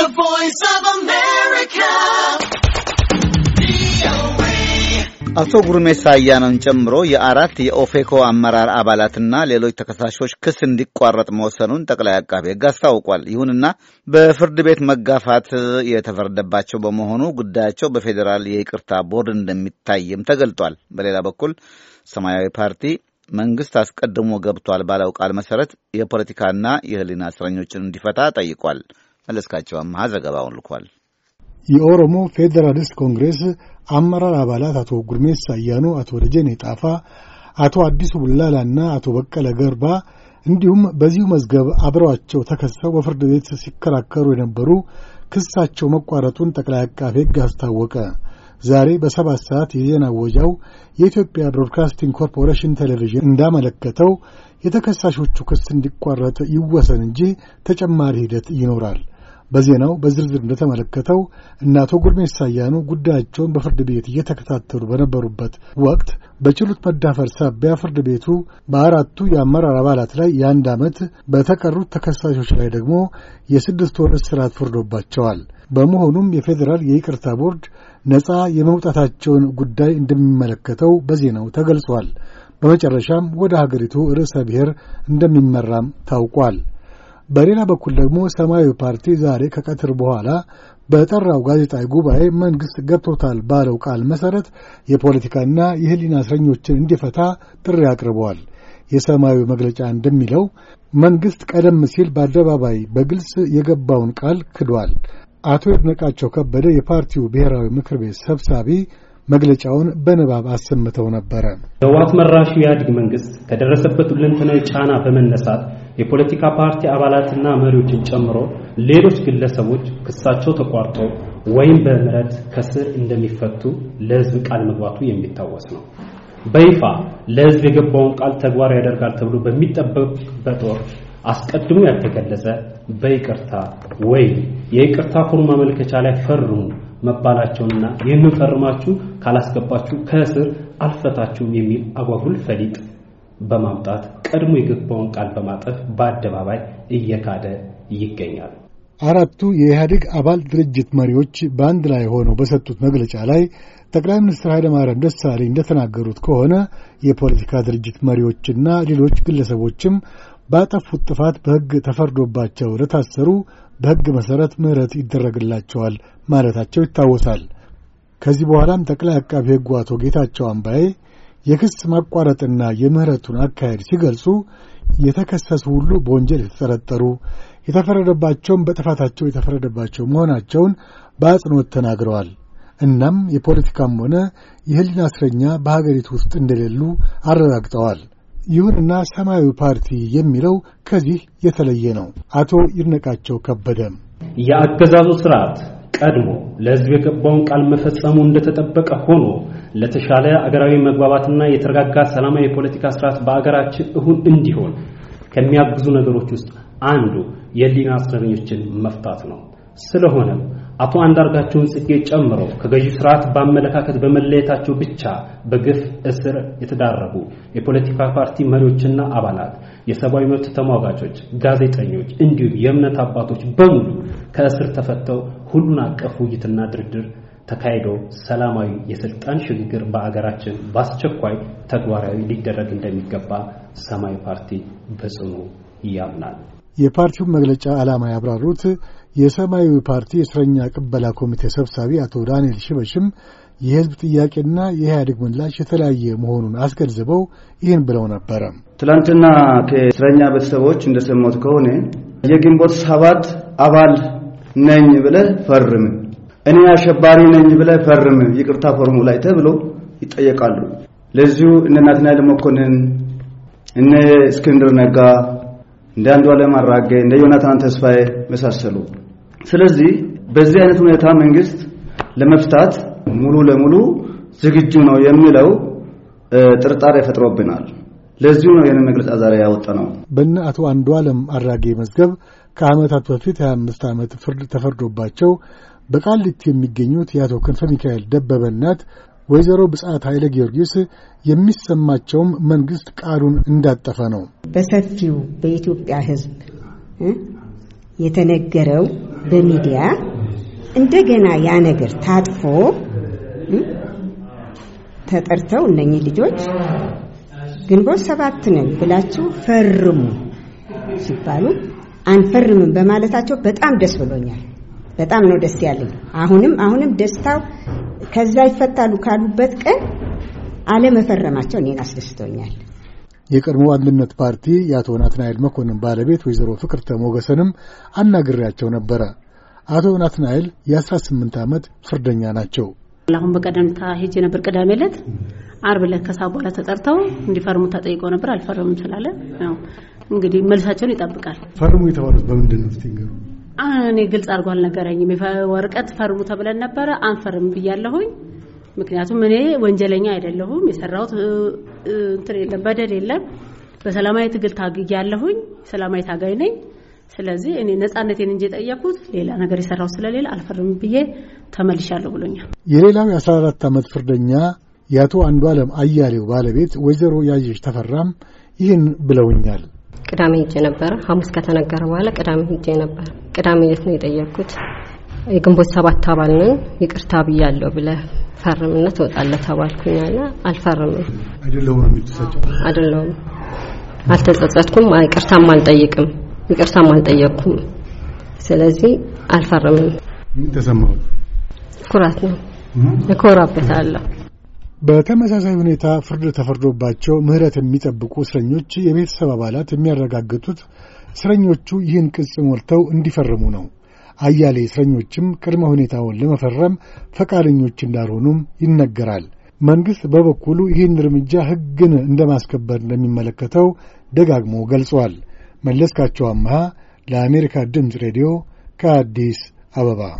The Voice of America. አቶ ጉርሜሳ አያነውን ጨምሮ የአራት የኦፌኮ አመራር አባላትና ሌሎች ተከሳሾች ክስ እንዲቋረጥ መወሰኑን ጠቅላይ አቃቤ ሕግ አስታውቋል። ይሁንና በፍርድ ቤት መጋፋት የተፈረደባቸው በመሆኑ ጉዳያቸው በፌዴራል የይቅርታ ቦርድ እንደሚታይም ተገልጧል። በሌላ በኩል ሰማያዊ ፓርቲ መንግስት አስቀድሞ ገብቷል ባለው ቃል መሰረት የፖለቲካና የሕሊና እስረኞችን እንዲፈታ ጠይቋል። መለስካቸው አመሃ ዘገባውን ልኳል። የኦሮሞ ፌዴራሊስት ኮንግሬስ አመራር አባላት አቶ ጉርሜሳ አያኖ፣ አቶ ደጀኔ ጣፋ፣ አቶ አዲሱ ቡላላና አቶ በቀለ ገርባ እንዲሁም በዚሁ መዝገብ አብረዋቸው ተከሰው በፍርድ ቤት ሲከራከሩ የነበሩ ክሳቸው መቋረጡን ጠቅላይ አቃቤ ሕግ አስታወቀ። ዛሬ በሰባት ሰዓት የዜና ወጃው የኢትዮጵያ ብሮድካስቲንግ ኮርፖሬሽን ቴሌቪዥን እንዳመለከተው የተከሳሾቹ ክስ እንዲቋረጥ ይወሰን እንጂ ተጨማሪ ሂደት ይኖራል። በዜናው በዝርዝር እንደተመለከተው እነ አቶ ጉርሜሳ አያኑ ጉዳያቸውን በፍርድ ቤት እየተከታተሉ በነበሩበት ወቅት በችሎት መዳፈር ሳቢያ ፍርድ ቤቱ በአራቱ የአመራር አባላት ላይ የአንድ ዓመት በተቀሩት ተከሳሾች ላይ ደግሞ የስድስት ወር እስራት ፈርዶባቸዋል። በመሆኑም የፌዴራል የይቅርታ ቦርድ ነፃ የመውጣታቸውን ጉዳይ እንደሚመለከተው በዜናው ተገልጿል። በመጨረሻም ወደ ሀገሪቱ ርዕሰ ብሔር እንደሚመራም ታውቋል። በሌላ በኩል ደግሞ ሰማያዊ ፓርቲ ዛሬ ከቀትር በኋላ በጠራው ጋዜጣዊ ጉባኤ መንግሥት ገብቶታል ባለው ቃል መሠረት የፖለቲካና የሕሊና እስረኞችን እንዲፈታ ጥሪ አቅርበዋል። የሰማያዊ መግለጫ እንደሚለው መንግሥት ቀደም ሲል በአደባባይ በግልጽ የገባውን ቃል ክዷል። አቶ ይድነቃቸው ከበደ የፓርቲው ብሔራዊ ምክር ቤት ሰብሳቢ መግለጫውን በንባብ አሰምተው ነበረ። ህወሓት መራሹ የኢህአዴግ መንግስት ከደረሰበት ሁለንተናዊ ጫና በመነሳት የፖለቲካ ፓርቲ አባላትና መሪዎችን ጨምሮ ሌሎች ግለሰቦች ክሳቸው ተቋርጦ ወይም በምህረት ከስር እንደሚፈቱ ለህዝብ ቃል መግባቱ የሚታወስ ነው። በይፋ ለህዝብ የገባውን ቃል ተግባር ያደርጋል ተብሎ በሚጠበቅበት ወቅት አስቀድሞ ያልተገለጸ በይቅርታ ወይም የይቅርታ ፎርም ማመልከቻ ላይ ፈርሙ መባላቸውንና ይህንን ፈርማችሁ ካላስገባችሁ ከእስር አልፈታችሁም የሚል አጓጉል ፈሊጥ በማምጣት ቀድሞ የገባውን ቃል በማጠፍ በአደባባይ እየካደ ይገኛል። አራቱ የኢህአዴግ አባል ድርጅት መሪዎች በአንድ ላይ ሆነው በሰጡት መግለጫ ላይ ጠቅላይ ሚኒስትር ኃይለማርያም ደሳለኝ እንደተናገሩት ከሆነ የፖለቲካ ድርጅት መሪዎችና ሌሎች ግለሰቦችም ባጠፉት ጥፋት በሕግ ተፈርዶባቸው ለታሰሩ በሕግ መሠረት ምሕረት ይደረግላቸዋል ማለታቸው ይታወሳል። ከዚህ በኋላም ጠቅላይ አቃቢ ሕጉ አቶ ጌታቸው አምባዬ የክስ ማቋረጥና የምህረቱን አካሄድ ሲገልጹ የተከሰሱ ሁሉ በወንጀል የተጠረጠሩ የተፈረደባቸውም በጥፋታቸው የተፈረደባቸው መሆናቸውን በአጽንኦት ተናግረዋል። እናም የፖለቲካም ሆነ የህሊና እስረኛ በሀገሪቱ ውስጥ እንደሌሉ አረጋግጠዋል። ይሁንና ሰማያዊ ፓርቲ የሚለው ከዚህ የተለየ ነው። አቶ ይድነቃቸው ከበደ የአገዛዙ ስርዓት ቀድሞ ለሕዝብ የገባውን ቃል መፈጸሙ እንደተጠበቀ ሆኖ ለተሻለ አገራዊ መግባባትና የተረጋጋ ሰላማዊ የፖለቲካ ስርዓት በአገራችን እሁን እንዲሆን ከሚያግዙ ነገሮች ውስጥ አንዱ የሊና እስረኞችን መፍታት ነው። ስለሆነም አቶ አንዳርጋቸውን ጽጌ ጨምሮ ከገዢው ስርዓት በአመለካከት በመለየታቸው ብቻ በግፍ እስር የተዳረጉ የፖለቲካ ፓርቲ መሪዎችና አባላት፣ የሰብአዊ መብት ተሟጋቾች፣ ጋዜጠኞች እንዲሁም የእምነት አባቶች በሙሉ ከእስር ተፈተው ሁሉን አቀፍ ውይይትና ድርድር ተካሂዶ ሰላማዊ የስልጣን ሽግግር በአገራችን በአስቸኳይ ተግባራዊ ሊደረግ እንደሚገባ ሰማያዊ ፓርቲ በጽኑ ያምናል። የፓርቲው መግለጫ ዓላማ ያብራሩት የሰማያዊ ፓርቲ የእስረኛ ቅበላ ኮሚቴ ሰብሳቢ አቶ ዳንኤል ሽበሽም የህዝብ ጥያቄና የኢህአዴግ ምላሽ የተለያየ መሆኑን አስገንዝበው ይህን ብለው ነበረ። ትላንትና ከእስረኛ ቤተሰቦች እንደሰማሁት ከሆነ የግንቦት ሰባት አባል ነኝ ብለህ ፈርምን እኔ አሸባሪ ነኝ ብለህ ፈርም ይቅርታ ፎርሙ ላይ ይጠየቃሉ። ለዚሁ እነ ናትናኤል መኮንን፣ እነ እስክንድር ነጋ፣ እንደ አንዱዓለም አራጌ፣ እንደ ዮናታን ተስፋዬ መሳሰሉ። ስለዚህ በዚህ አይነት ሁኔታ መንግስት ለመፍታት ሙሉ ለሙሉ ዝግጁ ነው የሚለው ጥርጣሬ ፈጥሮብናል። ለዚሁ ነው ይህንን መግለጫ ዛሬ ያወጣ ነው። በእነ አቶ አንዱዓለም አራጌ መዝገብ ከዓመታት በፊት 25 ዓመት ፍርድ ተፈርዶባቸው በቃልት የሚገኙት የአቶ ክንፈ ሚካኤል ደበበ እናት ወይዘሮ ብጻት ኃይለ ጊዮርጊስ የሚሰማቸውም መንግስት ቃሉን እንዳጠፈ ነው። በሰፊው በኢትዮጵያ ሕዝብ የተነገረው በሚዲያ እንደገና ያ ነገር ታጥፎ ተጠርተው እነኚህ ልጆች ግንቦት ሰባት ነን ብላችሁ ፈርሙ ሲባሉ አንፈርምም በማለታቸው በጣም ደስ ብሎኛል። በጣም ነው ደስ ያለኝ። አሁንም አሁንም ደስታው ከዛ ይፈታሉ ካሉበት ቀን አለመፈረማቸው እኔን አስደስቶኛል። የቀድሞ አንድነት ፓርቲ የአቶ ናትናኤል መኮንን ባለቤት ወይዘሮ ፍቅርተ ሞገሰንም አናግሬያቸው ነበረ። አቶ ናትናኤል የ18 ዓመት ፍርደኛ ናቸው። አሁን በቀደምታ ሄጄ ነበር። ቅዳሜ ዕለት አርብ ዕለት ከሳ በኋላ ተጠርተው እንዲፈርሙ ተጠይቀው ነበር። አልፈረምም ስላለ እንግዲህ መልሳቸውን ይጠብቃል። ፈርሙ የተባሉት በምንድን ነው? እኔ ግልጽ አድርጎ አልነገረኝም። ወረቀት ፈርሙ ተብለን ነበረ። አንፈርም ብያለሁኝ። ምክንያቱም እኔ ወንጀለኛ አይደለሁም። የሰራሁት እንትን የለም፣ በደል የለም። በሰላማዊ ትግል ታግግ ያለሁኝ ሰላማዊ ታጋይ ነኝ። ስለዚህ እኔ ነጻነቴን እንጂ የጠየኩት ሌላ ነገር የሰራው ስለሌላ አልፈርም ብዬ ተመልሻለሁ ብሎኛል። የሌላው የ አራት ዓመት ፍርደኛ የአቶ አንዱ ዓለም አያሌው ባለቤት ወይዘሮ ያየሽ ተፈራም ይህን ብለውኛል። ቅዳሜ ሄጄ ነበረ። ሐሙስ ከተነገረ በኋላ ቅዳሜ ሄጄ ነበር። ቅዳሜ የት ነው የጠየቅኩት? የግንቦት ሰባት አባል ነን ይቅርታ ብያለሁ ብለህ ፈርምና ትወጣለህ ተባልኩኝ አለ። አልፈርምም አይደለሁም፣ አልተጸጸትኩም፣ ይቅርታም አልጠይቅም፣ ይቅርታም አልጠየቅኩም። ስለዚህ አልፈርምም። ተሰማሁት? ኩራት ነው እኮራበታለሁ። በተመሳሳይ ሁኔታ ፍርድ ተፈርዶባቸው ምህረት የሚጠብቁ እስረኞች የቤተሰብ አባላት የሚያረጋግጡት እስረኞቹ ይህን ቅጽ ሞልተው እንዲፈርሙ ነው። አያሌ እስረኞችም ቅድመ ሁኔታውን ለመፈረም ፈቃደኞች እንዳልሆኑም ይነገራል። መንግሥት በበኩሉ ይህን እርምጃ ሕግን እንደ ማስከበር እንደሚመለከተው ደጋግሞ ገልጿል። መለስካቸው አምሃ ለአሜሪካ ድምፅ ሬዲዮ ከአዲስ አበባ